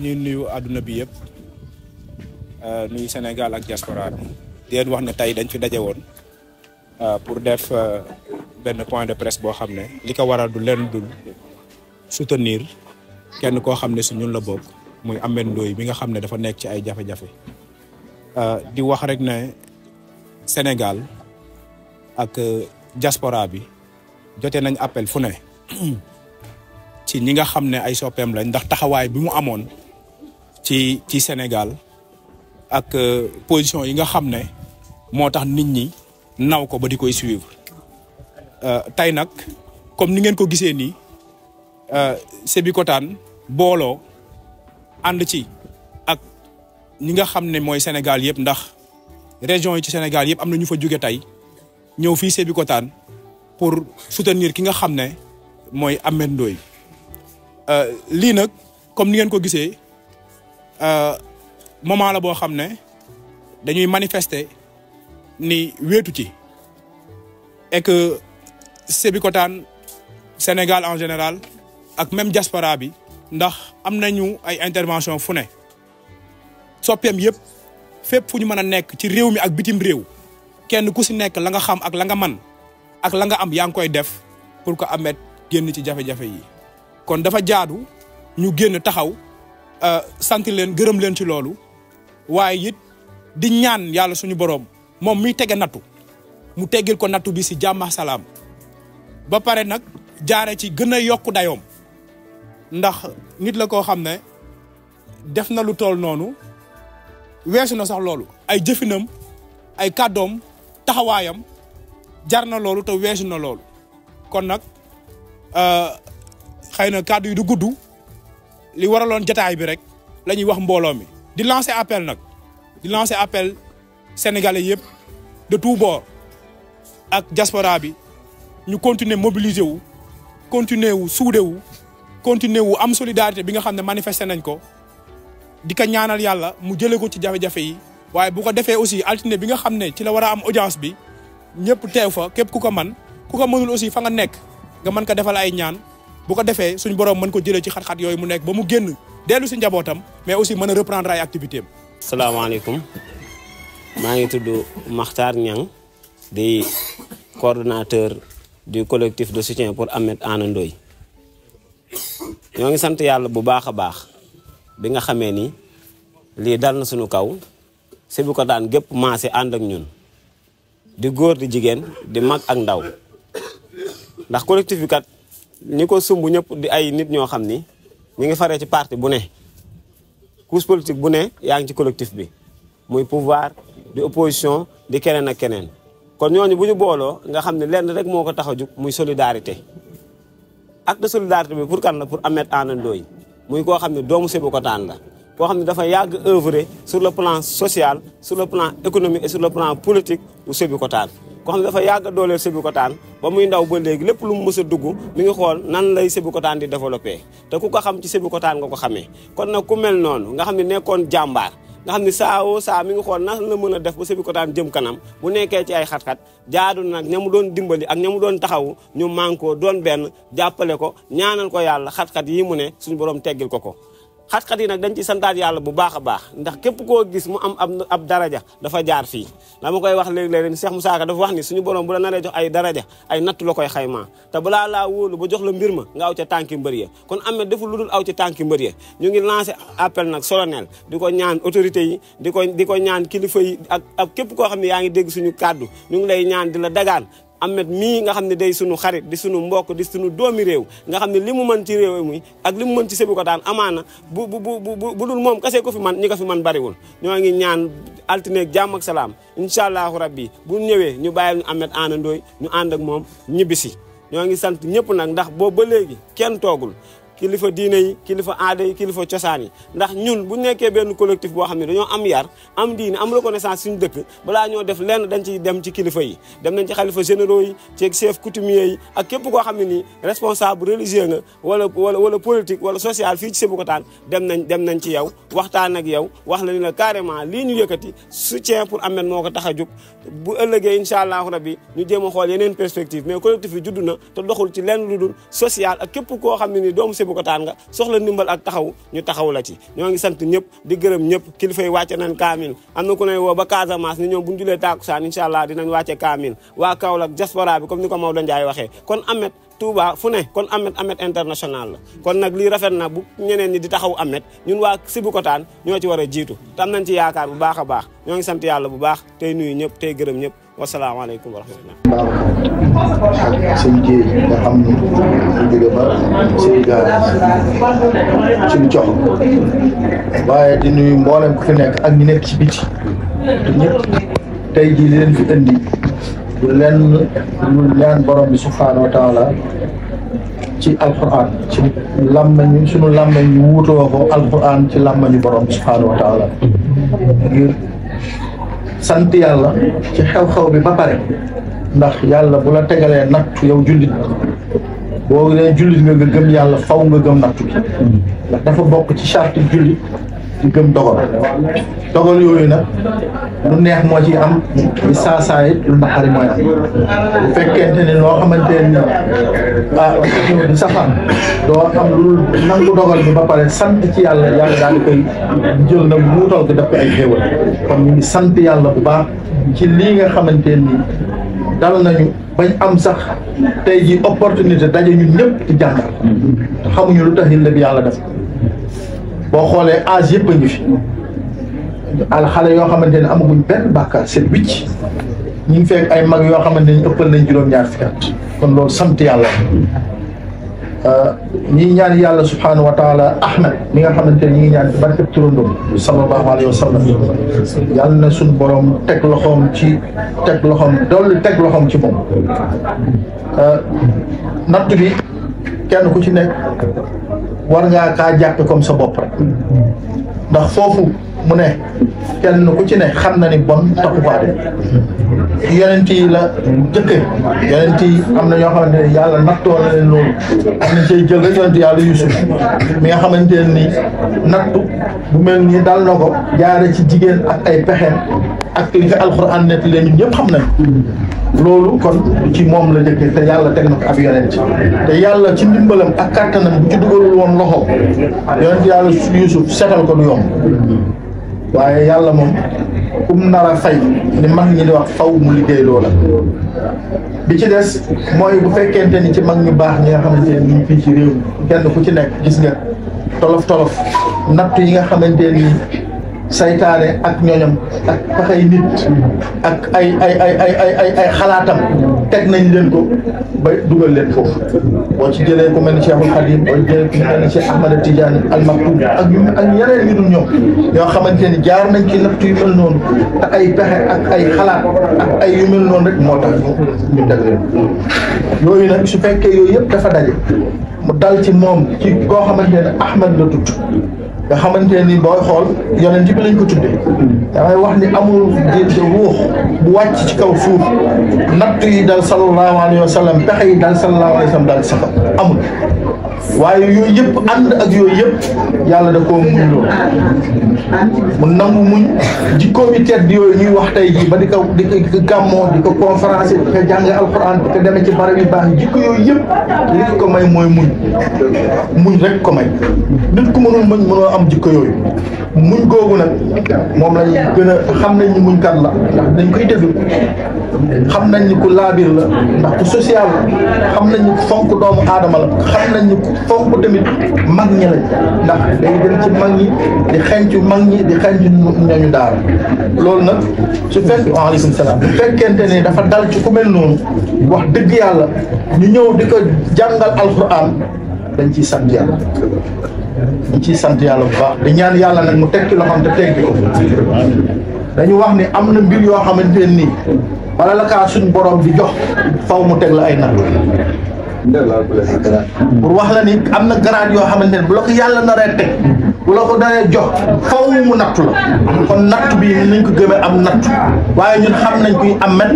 dañuy nuyu àdduna bi yëpp euh, nuyu Sénégal ak diaspora bi di wax ne tey dañ fi daje woon euh, pour def euh, benn point de presse boo xam ne li ko waral du leen dul soutenir kenn koo xam ne su ñun la bokk muy Ameth Ndoye bi nga xam ne dafa nekk ci ay jafe-jafe di wax rek ne Sénégal ak jaspora bi jote nañ appel fu ne ci ñi nga xam ne ay soppeem lañ ndax taxawaay bi mu amoon ci ci Sénégal ak euh, position yi nga xam ne moo tax nit ñi naw ko ba di koy suivre euh, tey nag comme ni ngeen ko gisee nii euh, Sébikotane booloo ànd ci ak ñi nga xam ne mooy Sénégal yëpp ndax région yi ci Sénégal yëpp am na ñu fa jóge tey ñëw fii Sébikotane pour soutenir ki nga xam ne mooy Ameth Ndoye lii nag comme ni ngeen ko gisee Euh, moment la boo xam ne dañuy manifester ni wéetu ci et que Sébikotane Sénégal en général ak même diaspora bi ndax am nañu ay intervention fu ne soppeem yëpp fépp fu ñu mën a nekk ci réew mi ak bitim réew kenn ku si nekk la nga xam ak la nga man ak la nga am yaa ngi koy def pour que Ameth génn ci jafe-jafe yi kon dafa jaadu ñu génn taxaw Euh, sant leen gërëm leen ci loolu waaye it di ñaan yàlla suñu boroom moom miy tege nattu mu teggil ko nattu bi si jàmm salaam ba pare nag jaare ci gën a yokku dayoom ndax nit la koo xam ne def na lu tool noonu weesu na sax loolu ay jëfinam ay kàddoom taxawaayam jar na loolu te weesu na loolu kon nag euh, xëy na kàddu yi du gudd li waraloon jataay bi rek la ñuy wax mbooloo mi di lancer appel nag di lancer appel sénégalais yëpp de tout bord ak diaspora bi ñu continuer mobiliser wu continuer wu suude wu continuer wu am solidarité bi nga xam ne manifester nañ ko di ko ñaanal yàlla mu jëlee ko ci jafe-jafe yi waaye bu ko defee aussi altine bi nga xam ne ci la war a am audience bi ñëpp teew fa képp ku ko man ku ko mënul aussi fa nga nekk nga mën ko defal ay ñaan bu ko defee suñ borom mën ko jëlee ci xat-xat yooyu mu nekk ba mu génn dellu si njabootam mais aussi mën a reprendre ay activité am. salaamaaleykum maa ngi tudd Makhtar Niang di coordonnateur di collectif de soutien pour Ahmed Aina Ndoye ñoo ngi sant yàlla bu baax a baax bi nga xamee ni lii dal na suñu kaw si bu ko daan gépp maase ànd ak ñun di góor di jigéen di mag ak ndaw ndax collectif bi kat. ñi ko sumb ñëpp di ay nit ñoo xam ni ñu ngi faree ci parti bu ne couche politique bu ne yaa ngi ci collectif bi muy pouvoir di opposition di keneen a keneen kon ñooñu bu ñu booloo nga xam ne lenn rek moo ko tax a jug muy solidarité acte de solidarité bi pour kan la pour Ahmed Aidara Ndoye muy koo xam ne doomu sebu ko Sébikotane la boo xam ne dafa yàgg œuvrer sur le plan social sur le plan économique et sur le plan politique bu Sébikotane koo xam ne dafa yàgg a dooleel Sébikotane ba muy ndaw ba léegi lépp lu mu mës a dugg mi ngi xool nan lay taan di développé te ku ko xam ci Sébikotane nga ko xamee kon nag ku mel noonu nga xam ne nekkoon jàmbaar nga xam ne saa woo saa mi ngi xool nan la mën a def ba Sébikotane jëm kanam bu nekkee ci ay xat-xat jaadu nag ña mu doon dimbali ak ña mu doon taxawu ñu mànkoo doon benn jàppale ko ñaanal ko yàlla xat yi mu ne suñu borom teggil ko ko xat-xat yi nag dañ ci santaat yàlla bu baax a baax ndax képp koo gis mu am ab ab daraja dafa jaar fii ma koy wax léegi léeg Cheikh Moussa Ka dafa wax ni suñu borom bu la naree jox ay daraja ay natt koy xaymaa te balaa laa wóolu ba jox la mbir ma nga ca tànki mbër ya kon Ameth deful lu dul aw ci tànki mbër ya ñu ngi lancé appel nag solennel di ko ñaan autorité yi di ko di ko ñaan kilifa ak ak képp koo xam ne yaa ngi dégg suñu kàddu ñu ngi lay ñaan di la dagaan Ahmed mii nga xam ne day sunu xarit di sunu mbokk di sunu doomi réew nga xam ne li mu mën ci réew muy ak li mu mën ci daan amaana bu bu bu bu dul moom kese ko fi man ñi ko fi man bariwul ñoo ngi ñaan altine jàmm ak salaam incha allahu rabbi bu ñëwee ñu bàyyil ñu Ahmed Aina Ndoye ñu ànd ak moom ñibbisi ñoo ngi sant ñëpp nag ndax boobu ba léegi kenn toogul kilifa diine yi kilifa aada yi kilifa cosaan yi ndax ñun bu nekkee benn collectif boo xam ne dañoo am yar am diine am reconnaissance suñu dëkk balaa ñoo def lenn dañ ci dem ci kilifa yi dem nañ ci xalifa généraux yi ci chef coutumier yi ak képp koo xam ne nii responsable religieux nga wala wala wala politique wala social fii ci Sébikotane dem nañ dem nañ ci yow waxtaan ak yow wax la ni la carrément lii ñu yëkkati soutien pour Ameth moo ko tax a jóg bu ëllëgee incha allahu rabbi ñu jéem a xool yeneen perspective mais collectif bi judd na te doxul ci lenn lu dul social képp koo xam ne nii Sébikotane nga soxla ndimbal ak taxaw ñu taxaw la ci ñoo ngi sant ñëpp di gërëm ñëpp kilifa yi wàcce nañ kaamil am na ku ne woo ba Casamance ni ñoom bu ñu julee taakusaan incha allah dinañ kaamil waa Kaolack diaspora bi comme ni ko Maodo Ndiaye waxee kon Ameth Touba fu ne kon Ameth Ameth international la kon nag lii rafet na bu ñeneen ñi di taxaw Ameth ñun waa Sébikotane ñoo ci war a jiitu te am nañ ci yaakaar bu baax a baax ñoo ngi sant yàlla bu baax tey nuyu ñëpp tey gërëm wasalaamaaleykum wa rahmatulah. waaw sëñ Dieye nga xam ni mu jóge ba Sénégal suñu cox waaye di nuyu mboolem ku fi nekk ak ñi nekk ci biti te ñëpp tey jii li leen fi indi du leen lu leen borom bi subhaanahu wa taala ci alquran ci làmmañu suñu làmmañ ñu wuutoo ko alquran ci làmmañu borom bi subhaanahu wa taala sant la ci xew-xew bi ba pare ndax yàlla bu la tegalee nattu yow jullit boo nee jullit nga nga gëm yàlla faw nga gëm nattu bi ndax dafa bokk ci charte jullit ci gëm dogal dogal yooyu nag lu neex moo ci am lu saasaay lu naqari mooy am bu fekkente ne loo xamante ne ah du doo am lu nangu dogal bi ba pare sant ci yàlla yàlla daal koy jël na muutal ko def ko ay xéewal kon ñu sant yàlla bu baax ci lii nga xamante nii dal nañu bañ am sax tey ji opportunité daje ñu ñëpp ci jàngal xamuñu lu tax yële bi yàlla def boo xoolee âge yëpp a ngi fi al yoo xamante ne amaguñ benn bàkkaar seen wicc ñu ngi fekk ay mag yoo xamante ne ëppal nañ juróom-ñaar fukki kon loolu sant yàlla ñi ñaan yàlla subhanahu wa taala mi nga xamante ne ñi ngi ñaan barke turandoom sallallahu alayhi wa sallam yàlla na suñ borom teg loxoom ci teg loxoom dolli teg loxoom ci moom natt bi kenn ku ci nekk war ngaa kaa jàppe comme sa bopp rek ndax foofu mu ne kenn ku ci ne xam na ni bon taxu faa def yonent la jëkkee yonent yi am na ñoo xamante ne yàlla nattoo na leen loolu am na cay jël rek yonent yàlla yusuf mi nga xamante ni nattu bu mel nii daal na ko jaare ci jigéen ak ay pexeem ak li fi alxuraan net leen ñun ñëpp xam nañ loolu kon ci moom la njëkkee te yàlla teg na ko ab yonent te yàlla ci ndimbalam ak kàttanam bu ci dugalul woon loxo yonent yàlla Yuusuf setal ko du yomb waaye yàlla moom kum nar fay ni mag ñi di wax faw mu liggéey loola bi ci des mooy bu fekkente ni ci mag ñu baax ñi nga xamante ne ñu fii ci réew kenn ku ci nekk gis nga tolof tolof natt yi nga xamante ni saytaane ak ñoñam ak paxay nit ak ay ay ay ay ay ay xalaatam teg nañ leen ko ba dugal leen foofu boo ci jëlee ku mel ni Cheikhul Khadim boo ci jëlee ku mel ni Cheikh Ahmad Tidiane Al Maktoum ak ñu ak yeneen yu dul ñoom ñoo xamante ni jaar nañ ci natt yu mel noonu ay pexe ak ay xalaat ak ay yu mel noonu rek moo tax ñu ñu teg leen yooyu nag su fekkee yooyu yëpp dafa daje mu dal ci moom ci koo xamante ne Ahmad la tudd nga xamante ni booy xool yonent bi lañ ko tuddee damay wax ni amul géej ruux bu wàcc ci kaw suuf natt yi dal sallallahu alayhi wa sallam pexe yi dal sallallahu alayhi wa sallam dal sa amul waaye yooyu yëpp ànd ak yooyu yëpp yàlla da koo muñ lool mu nangu muñ jikkoom yi tedd yooyu ñuy wax tey jii ba di ko di ko gàmmoo di ko conférence di ko jàng alquran di ko demee ci barab yu baax yi jikko yooyu yëpp li ko may mooy muñ muñ rek ko may nit ku mënul muñ mënoo am jikko yooyu muñ googu nag moom lañ a xam nañ muñ muñkat la ndax dañ koy déglu xam nañ ni ku laabir la ndax ku social la xam nañ ni fonk doomu aadama la xam nañ ñi ku fonk tamit mag ñi lañ ndax day dem ci mag ñi di xencu mag ñi di xencu ñooñu daal loolu nag su fekk waaleykum salaam su fekkente ne dafa dal ci ku mel noonu wax dëgg yàlla ñu ñëw di ko jàngal alxuraan dañ ciy sant yàlla dañ ciy sant yàlla bu baax di ñaan yàlla nag mu tekki loxoom te teggi ko dañu wax ne am na mbir yoo xamante nii wala la kaa suñ borom di jox faw mu teg la ay natt pour wax la ni am na garaat yoo xamante ne bu la ko yàlla naree teg bu la ko naree jox faw mu nattu la kon natt bi nañ ko gëmee am natt waaye ñun xam nañ kuy amet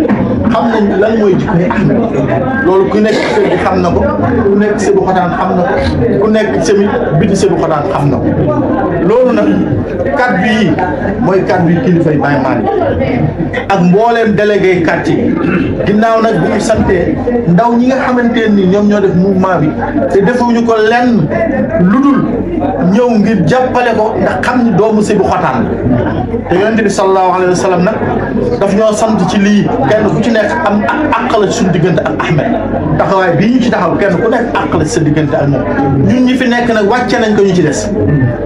xam nañ lan mooy jikko amet loolu ku nekk sëb na ko nekk sëbu xotaan xam na ko ku nekk semi biti sëbu xotaan xam na ko loolu nag kaddu yi mooy kaddu yi kilifa yi Baye ak mbooleem délégué quartier yi ginnaaw nag bu ñu santee ndaw ñi nga xamante ni ñoom ñoo def mouvement bi te defuñu ko lenn lu dul ñëw ngir jàppale ko ndax xam ni doomu si bu xotaan te yonente bi sallallahu alayhi wa sallam daf ñoo sant ci lii kenn ku ci nekk am àq la suñu diggante ak Ahmed taxawaay bii ñu ci taxaw kenn ku nekk àq sa diggante ak moom ñun ñi fi nekk nag wàcce nañ ko ci des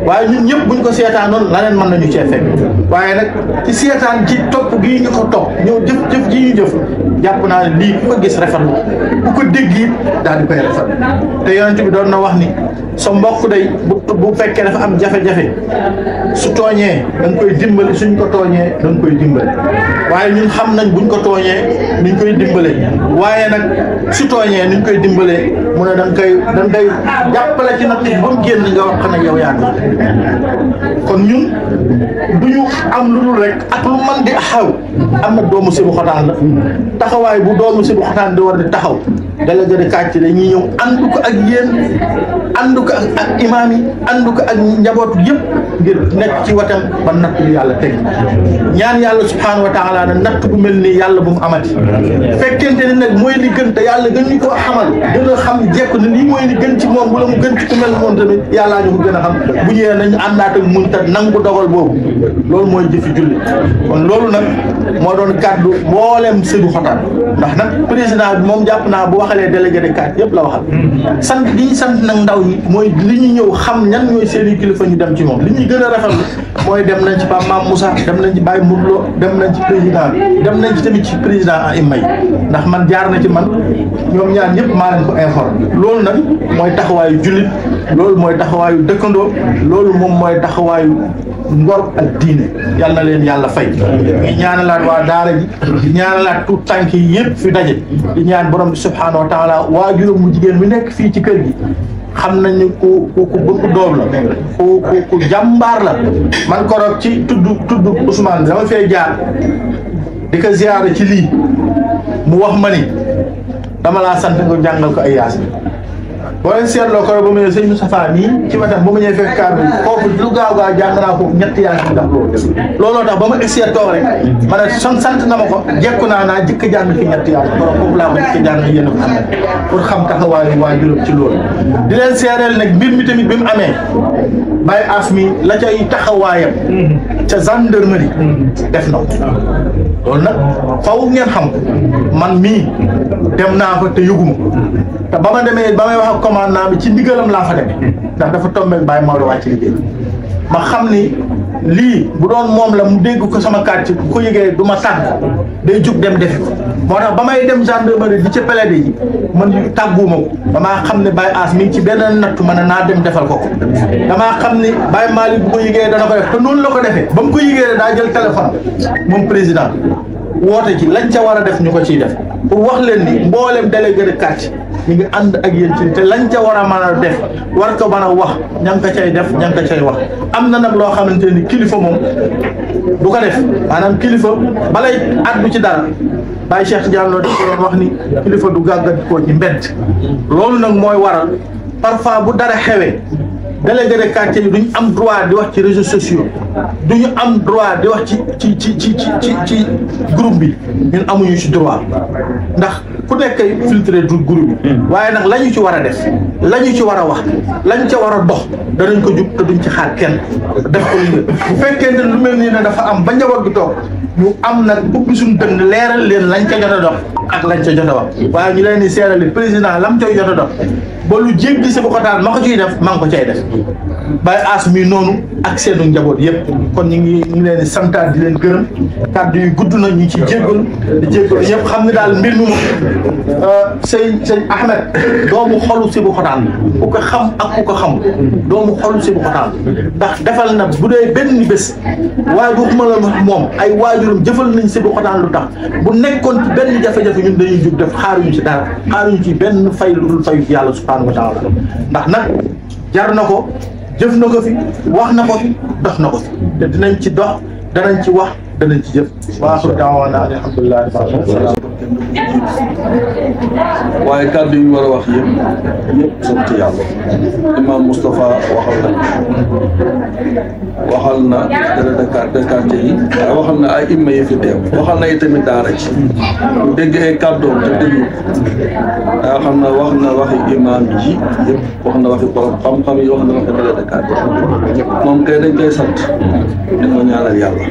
waaye ñun ñëpp buñ ko seetaanoon la leen mën nañu cee fekk waaye nag ci seetaan ci topp gi ñu ko topp ñëw jëf jëf ji ñu jëf jàpp naa ne lii ku ko gis rafetlu ku ko dégg daal di koy rafetlu te yonent bi doon na wax ni sa mbokk day bu bu fekkee dafa am jafe-jafe su tooñee da nga koy dimbali suñ ko tooñee da koy dimbale waaye ñun xam nañ buñ ko tooñee nuñ koy dimbale waaye nag su tooñee nuñ koy dimbalee mu ne da koy da nga koy jàppale ci nag ba mu génn nga wax nag yow yaa ngi kon ñun du ñu am lu dul rek ak lu man di xaw doomu si bu xotaan la taxawaay bu doomu si bu xotaan di war di taxaw délégué de quartier dañuy ñëw ànd ko ak yéen ànd ko ko ak ak imaam yi ànd ko ak njaboot yëpp ngir watam ba natt bi yàlla teg ñaan yàlla subhaanahu wa taala na natt bu mel nii yàlla bu mu amati fekkente ne nag mooy li gën yàlla gën ñu koo xamal xam jekk ne lii mooy li gën ci moom wala mu gën ci ku mel moom tamit yàllaa ñu ko gën a xam bu ñëwee nañu àndaat ak muñ ta nangu dogal boobu loolu mooy jëfi julli kon loolu nag moo doon kàddu mboolem sëdu xotaan ndax nag président bi moom jàpp naa bu waxalee délégué de carte yëpp la waxal hmm. sant di sant nag ndaw ñi mooy li ñu ñëw xam ñan ñooy seeni kilifa ñu dem ci moom li ñuy gën a rafetlu mooy dem nañ ci Pape Mame Moussa dem nañ ci Baye Mourlo dem nañ ci président dem nañ ci tamit ci président ay may ndax man jaar na ci man ñoom ñaan ñëpp maa leen ko informé loolu nag mooy taxawaayu jullit loolu mooy taxawaayu dëkkandoo loolu moom mooy taxawaayu ngor ak diine yal na leen yàlla fay di ñaanalaat waa daala ji di ñaanalaat tout tànk yi yëpp fi daje di ñaan borom bi subhaanahu wa taala waajuram mu jigéen mi nekk fii ci kër gi xam nañ ni ku ku ku doom la ku ku ku jàmbaar la man korog ci tudd tudd Ousmane dama fee jaar di ko ziyaare ci lii mu wax ma ni dama laa sant nga jàngal ko ay yaasin boo leen seetloo ko ba mu ñëw sëñ Moustapha mii ci wetam ba mu ñëwee fekk kaar bi foofu lu gaaw gaaw jàng naa foofu ñetti yaa si ndax loolu looloo tax ba ma essayé toog rek ma ne son sant na ma ko jekku naa naa jëkk jàng fi ñetti yaa borom foofu laa ko jëkk jàng yéen a am loolu di leen seereel nag mbir mi tamit bi mu amee Baye As mi la cay taxawaayam ca gendarmerie def na loolu nag faw ngeen xam man mii dem naa ko te yëguma ba ma demee ba may wax commandant bi ci ndigalam laa fa bi ndax dafa tombeeg bàyyi Maodo wàcc liggéey ma xam ni lii bu doon moom la mu dégg ko sama quartier bu ko yëgee du ma tàgg day jug dem defi ko moo tax ba may dem gendarmerie di ca pelade yi man tàgguuma ko damaa xam ne Baye As mi ci benn nattu ma ne naa dem defal ko ko damaa xam ni Baye Malick bu ko yëgee dana ko def te noonu la ko defee ba mu ko yëgee daa jël téléphone moom président woote ci lañ ca war a def ñu ko ciy def pour wax leen ni mbooleem délégué de yi nga ànd ak yéen ci te lañ ca war a man a def war ko mën a wax ña nga ko cay def ñan nga ko cay wax am na nag loo xamante ni kilifa moom du ko def maanaam kilifa balay at bu ci dara Baye Cheikh Diallo dafa def wax ni kilifa du gàggat koo ci mbedd loolu nag mooy waral parfois bu dara xewee délégué de quartier yi ñu am droit di wax ci réseaux sociaux duñu am droit di wax ci ci ci ci ci ci groupe bi ñun amuñu ci droit ndax ku nekkay filtré du groupe bi hmm. waaye nag la ñu ci war a def la ñu ci war a wax lañ ca war a dox danañ ko jub te duñ ci xaar kenn def ko lu bu fekkee ne lu mel nii ne dafa am ba njaboot gi toog ñu am nag ubbi suñu dënd leeral leen lañ ca jot a dox ak lañ ca jot a wax waaye ñu leen di seerali président lam cay jot a dox ba lu si bu ko ma ko ciy def ma ngi ko cay def bàyyi aas mi noonu ak seenu njaboot yëpp kon ñu ngi ñu leen di santaat di leen gërëm kàddu yu gudd na ñu ci jéggalu di jéggalu ñëpp xam ne daal mbir mi moom euh, sëñ sëñ Ahmed doomu xolu si bu xotaan ku ko xam ak ku ko xamul doomu xolu si bu xotaan ndax defal na bu dee benn bés waaye waxuma la moom ay waajur këram jëfal nañ si bu xotaan lu tax bu nekkoon ci benn jafe-jafe ñun dañuy jug def xaaruñu ci dara ñu ci benn fay lu dul fayu ci yàlla subhanahu wa taala ndax nag jar na ko jëf na ko fi wax na ko fi dox na ko fi te dinañ ci dox danañ ci wax danañ ci jëf waaxu daawaana alhamdulilah kenn du waaye kàddu yi war a wax yëpp yëpp sant yàlla imam Moustapha waxal na waxal na délégué de quartier yi waaye waxal na ay imam yi fi teew waxal na itamit daara ci bu dégg ay kàddoom te déglu waaye xam na wax na waxi imam yi yëpp wax na waxi borom xam-xam yi wax na waxi délégué de quartier moom kay dañ koy sant di ñaanal yàlla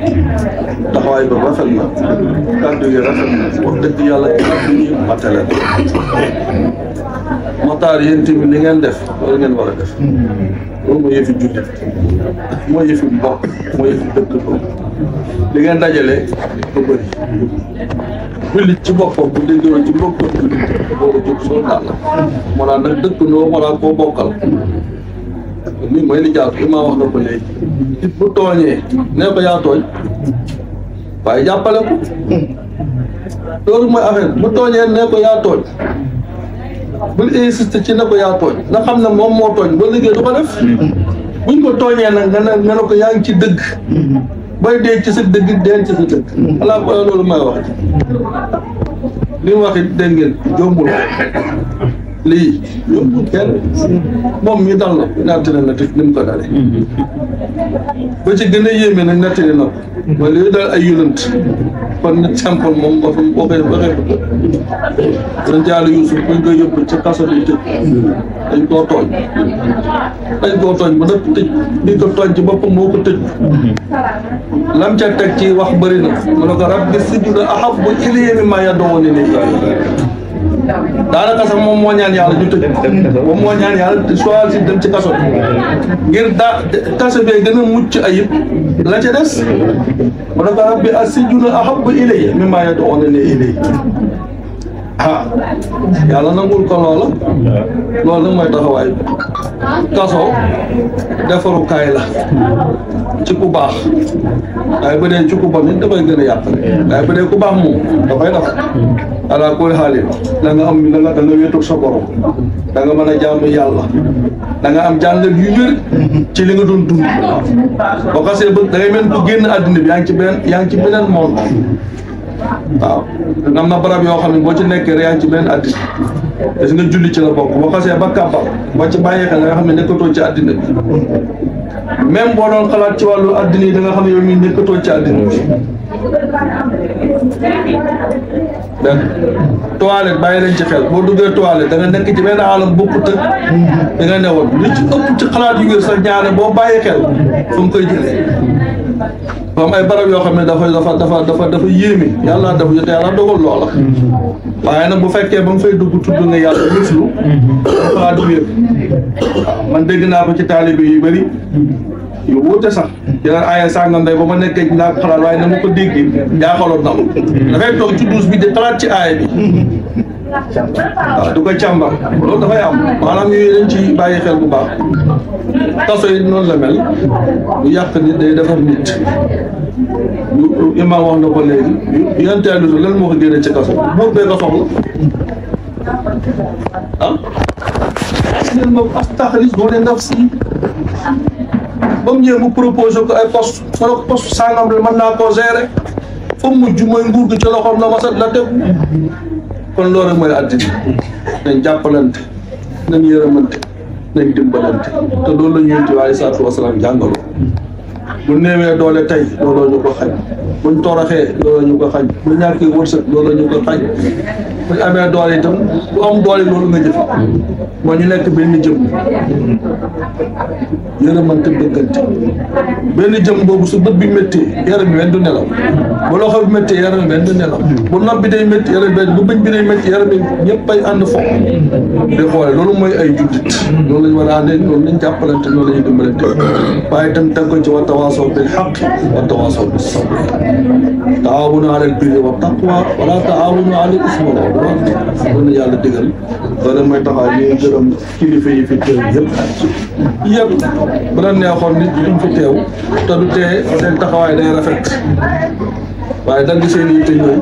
taxawaay ba rafet na kàddu yi rafet na sant yàlla yàlla ñuy matale la Maxtaar yéen tamit li ngeen def loolu ngeen war a def loolu mooy yëfi jullit mooy yëfi mbokk mooy yëfi dëkk boobu li ngeen dajale ko bëri jullit ci boppam bu déggoon ci mbokk jullit boobu jóg soo daal la moo laa nag dëkkandoo moo laa koo bokkal lii mooy li jaar li ma wax na ko léegi nit bu tooñee nee yaa tooñ waaye jàppale ko loolu mooy affaire bu tooñee ne ko yaa tooñ bul insiste ci ne ko yaa tooñ nga xam ne moom moo tooñ boo liggéey du ko def buñ ko tooñee nag nga ne nga ne ko yaa ngi ci dëgg booy dee ci sa dëgg deen ci sa dëgg alaa loolu may wax li mu wax it dégg ngeen jombul lii yóbbu kenn moom mi dal la nattale na teg ni mu ko dalee ba ci gën a yéeme nag nattale na ko wala yooyu daal ay yonant kon nag simple moom boo fa boo koy waxee ko dañ jaalu Yuusuf bañ koy yóbbu ci kaso bi tëj dañ ba nag tëj bi ko tooñ ci boppam moo ko tëj lam ca teg ci wax bëri na mu ne ko rabbi sijnu ahabbu ilayya mimmaa yad'uunanii daanaka sax moom moo ñaan yàlla ñu tëj moom moo ñaan yàlla soit si dem ci kaso ngir daa kaso bee gën a mucc ayib la ca des mu ne ko rabbi as-sijnu ahabbu ilayya mimmaa yad'uunani ilayhi ah yàlla nangul ko loola loolu nag mooy taxawaay bi kaso defarukaay la ci ku baax waaye bu dee ci ku bon nit gën a yàq waaye bu dee ku baax moom dafay ala kulli xaalim da nga am na nga da nga wéetoog sa borom da nga mën a jaamu yàlla da nga am jàngal yu ci li nga doon dund boo xasee ba da ngay mel bu génn àddina yaa ngi ci beneen yaa ngi ci beneen monde waaw am na barab yoo xam ne boo ci nekkee rek yaa ci beneen àddina gis nga julli ci la bokk boo xasee ba kàbbar boo ci bàyyee xel nga xam ne nekkatoo ci àddina bi même boo doon xalaat ci wàllu àddina yi danga xam ne yow mii nekkatoo ci àddina bi dégg toilette bàyyi leen ci xel boo duggee toilette da nga nekk ci benn alam bokkut ak da nga newoon lu ci ëpp ci xalaat yu wér sax ñaare boo bàyyi xel fu mu koy jëlee moom ay barab yoo xam ne dafa dafa dafa dafa dafa yéeme yàlla def yot yàlla dogal loola waaye nag bu fekkee ba mu fay dugg tudd nga yàlla mislu xalaat mhm. yu wér ah, man dégg naa ko ci taalibe yu bëri yu wuute sax dina aaya sàngam day ba ma nekkee naa ko waaye na ma ko déggi jaaxaloon na ma dafay toog ci douze bi di xalaat ci aaya bi waaw du ko càmbar dafay am maanaam yooyu dañ ci bàyyi xel bu baax kaso yi noonu la mel bu yàq nit day defar nit lu imaam wax na ko léegi yenteelu su lan moo ko génne ci kaso buur bee ah leen moom astaxlis boo ne naf ba mu ñëwee mu proposé ko ay poste ma ne ko poste sangam la mën naa koo gérer fa mu mujj mooy nguur gi ci loxoom la masat la tegu kon loolu mooy àddina nañ jàppalante nañ yërëmante nañ dimbalante te loolu la ñuy yonent bi aleyhi salaatu wasalaam jàngaloo bu néewee doole tey looloo ñu ko xañ buñ toroxee looloo ñu ko xañ bu ñàkkee wërsëg looloo ñu ko xañ buñ amee doole itam bu am doole loolu nga jëf moo ñu nekk benn jëm yërëmante bëggante benn jëm boobu su bët bi métti yaram bi benn du nelaw bu loxo bi métti yaram bi benn du nelaw bu nopp bi day métti yaram benn bu bëñ bi day métti yaram bi ñëpp ay ànd fo di xoole loolu mooy ay juddit loolu lañ war a àndee loolu lañ jàppalante loolu lañu dimbalante waaye itam teg ko ci wa tawaas التواصل بالحق والتواصل بالصبر تعاawunu alal birri wa taqwa wala taawunu alal ismi wal udwan dana yàlla digal dana may taxaw ñuy gërëm kilifa yi fi teew yëpp yëpp bu la neexoon nit ñi fi teew te du tee seen taxawaay day rafet waaye dal di seen yitte ñoom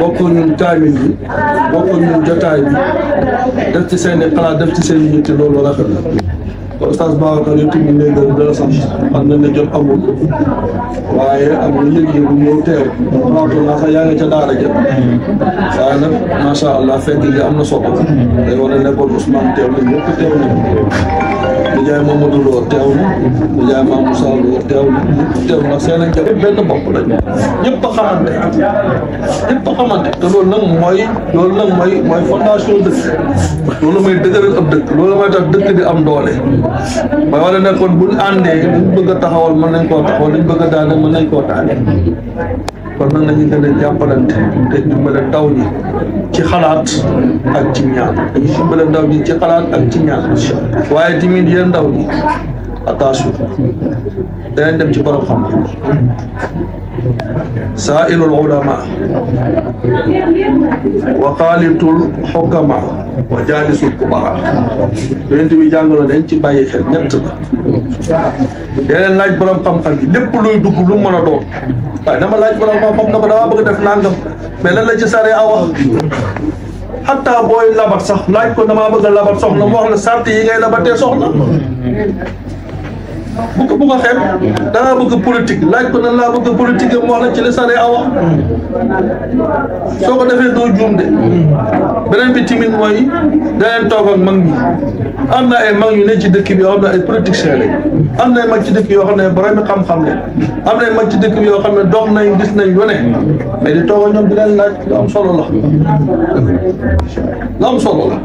bokk ñun taamin bi bokk ñun jotaay bi def ci seen i xalaat def ci seen yitte loolu rafet la kon Oustaz Babacar yu tudd léegi dara sax xam nañ ne jot amul waaye am na yëg-yëg teew waxtu naa sax yaa ngi ca daara ja waaye nag macha allah fekk gi am na solo day wane ne kon teew na ñëpp teew nañ Ndiaye Mamadou Lo teew na Ndiaye Mame Moussa Lo teew na teew na seen ak jafe benn bopp lañ ñëpp a xamante ñëpp a xamante te loolu nag mooy loolu nag mooy mooy fondation dëkk loolu may dëgëral ab dëkk loolu may tax dëkk di am doole mooy wala nekkoon buñ àndee luñ bëgg a taxawal mën nañ koo taxawal luñ bëgg a daane mën nañ koo daane kon nag nañu gën a jàppalante te dimbale ndaw ñi ci xalaat ak ci ñaan dañu dimbale ndaw ñi ci xalaat ak ci ñaan waaye tamit yéen ndaw ñi attention danañ dem ci borom xam sa'ilul ulama wa xaalitul xukama wa jaalisul kubara yonent bi jàngalo dañ ci bàyyi xel ñett la deneen laaj borom xam-xam yi lépp luy dugg lu mën a doon waaye dama laaj borom xam-xam na ko damaa bëgg def nangam mais lan la ci sare a wax xataa booy labat sax laaj ko damaa bëgg a labat soxna mu wax la sart yi ngay labatee soxna bu ko bëgg a xeeb da ngaa bëgg politique laaj ko nan laa bëgg politique am wax la ci la sane a wax soo ko defee doo juum de beneen bi timit mooy daneen toog ak mag ñi am na ay mag ñu ne ci dëkk bi yoo xam ne ay politiciens lañ am na ay ci dëkk yoo xam ne borom xam-xam lañ am na ay mag ci dëkk bi yoo xam ne dox nañ gis na lu ne mais di toog ak ñoom di leen laaj lu solo la lu am solo la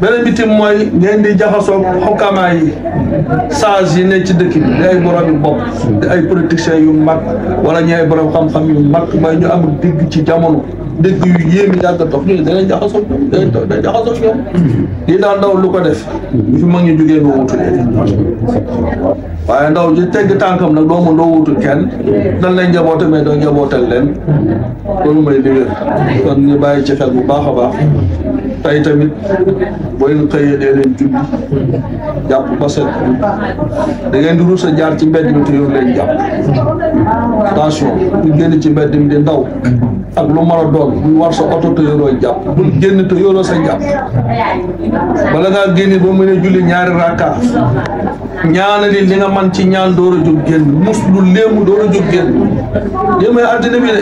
beneen bi tim mooy ngeen di jaxasoo xokkamaa yi saas ne ci dëkk bi di ay borom yu bopp di ay politiciens yu mag wala ñi ay borom xam-xam yu mag may ñu am digg ci jamono dëkk yu yéemi yàgg dox ñu ne danañ jaxasoo ñoom danañ jaxasoo ñoom lii daal ndaw lu ko def ñu fi mag ñu jógee doo wutu waaye ndaw ji tegg tànkam nag doo mën doo wutul kenn dan lay njaboote mais doo njabootal leen loolu mooy li wér kon bàyyi ci xel bu baax a baax tey tamit boo leen xëyee leen julli jàpp ba set da ngeen sa jaar ci mbedd mi te yow leen jàpp attention bu génn ci mbedd mi di ndaw ak lu mën a doon bu sa oto te yoroo jàpp bul génn te yoroo sa jàpp bala ngaa génn ba mu ne julli ñaari rakka ñaanali li nga man ci ñaan door a jóg génn mus lu léemu door a génn yow may addina bi de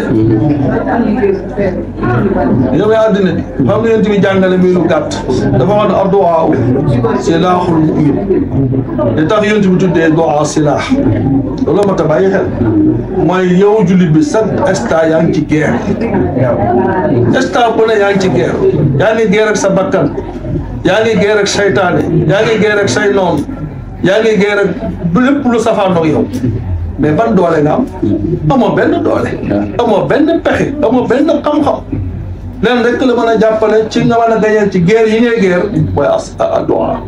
yow may addina bi xam nga yéen tamit jàngale dafa wax ne ab duwaa silaaxul li tax yéen tamit tuddee duwaa silaax loolu ma ta bàyyi xel mooy yow jullit bi chaque instant yaa ngi ci bu ne yaa ngi ci guerre yaa ngi guerre ak sa bakkan yaa ngi guerre ak saytaane yaa noon yaa ngi guerre ak lépp lu safaanoog yow mais ban doole nga am mm-hmm. amoo benn doole amoo benn pexe amoo benn xam-xam leen rek la mën a jàppale ci nga mën a gañeel ci guerre yi ngay guerre mooy as doa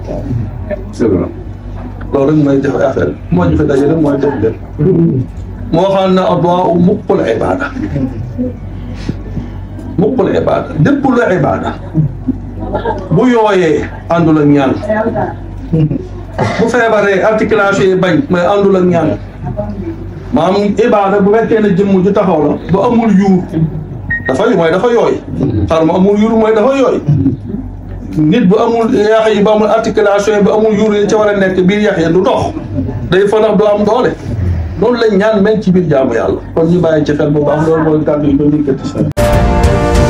c'est vrai loolu rek mooy jafe affaire moo ñu fi dajale mooy def def moo xam ne adoa u muqul ibada muqul ibada dépp lu ibada bu yooyee àndul ak ñaan bu feebaree articulation yi bañ mooy àndul ak ñaan maanaam ibaada bu fekkee ne jëmm ju taxaw la ba amul yuur dafa mooy dafa yooy xar mu amul yuur mooy dafa yooy nit bu amul yax yi ba amul articulation yi amul yuur yi ca war a nekk biir yax yi du dox day fanax du am doole loolu lañ ñaan mel ci biir jaamu yàlla kon ñu bàyyi ci xel bu baax loolu mooy kàddu yi ba muy gëtt